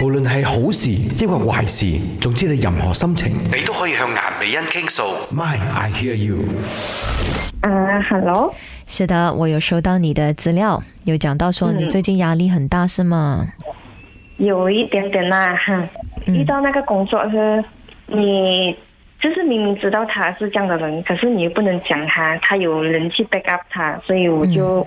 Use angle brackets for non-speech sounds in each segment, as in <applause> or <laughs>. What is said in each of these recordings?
無論係好事抑或壞事，總之你任何心情，你都可以向顏美欣傾訴。My, I hear you。嗯、uh,，hello，是的，我有收到你的資料，有講到說你最近壓力很大，嗯、是嗎？有一點點啦、啊，遇到那個工作，佢，你，就是明明知道他是這樣的人，可是你又不能講他，他有人去 back up 他，所以我就。嗯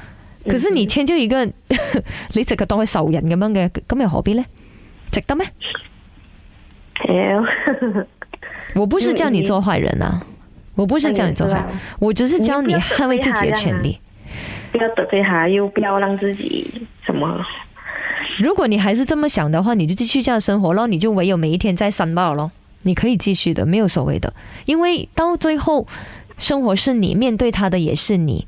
可是你遷就一個、mm hmm. <laughs> 人，你這個當佢仇人咁樣嘅，咁又何必呢？值得嗎？ <laughs> 我不是叫你做壞人啊， <laughs> 我不是叫你做壞人， <laughs> 我只是教你捍衛自己的權利。不要得罪他、啊、又不要讓自己什麼。 <laughs> 如果你還是這麼想的話，你就繼續這樣生活，然後你就唯有每一天再三報咯。你可以繼續的，沒有所謂的，因為到最後，生活是你面對他的，也是你。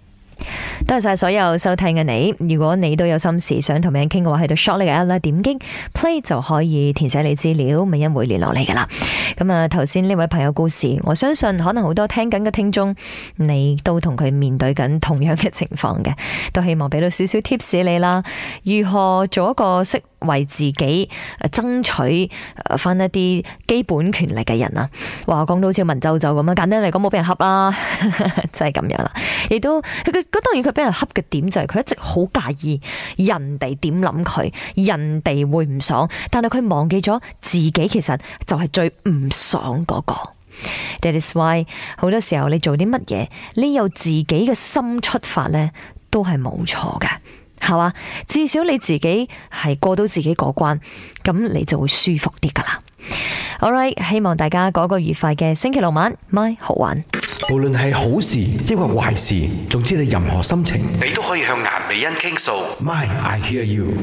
多謝晒所有收聽嘅你，如果你都有心事想同明欣傾嘅話，喺度 short 呢個 app 點擊 play 就可以填寫你資料，明欣會聯絡你噶啦。咁啊，頭先呢位朋友故事，我相信可能好多聽緊嘅聽眾，你都同佢面對緊同樣嘅情況嘅，都希望俾到少少 tips 你啦，如何做一個識為自己誒爭取翻一啲基本權利嘅人啊？話講到好似文縐縐咁樣，簡單嚟講冇俾人恰啦，真係咁樣啦，亦都咁當然佢俾人恰嘅點就係佢一直好介意人哋點諗佢，人哋會唔爽，但係佢忘記咗自己其實就係最唔爽嗰個。That is why 好多時候你做啲乜嘢，你有自己嘅心出發呢，都係冇錯嘅，係嘛？至少你自己係過到自己嗰關，咁你就會舒服啲噶啦。Alright, 希望大家過個愉快嘅星期六晚。My 好玩。無論係好事抑或壞事，總之你任何心情，你都可以向顏美欣傾訴。My，I hear you。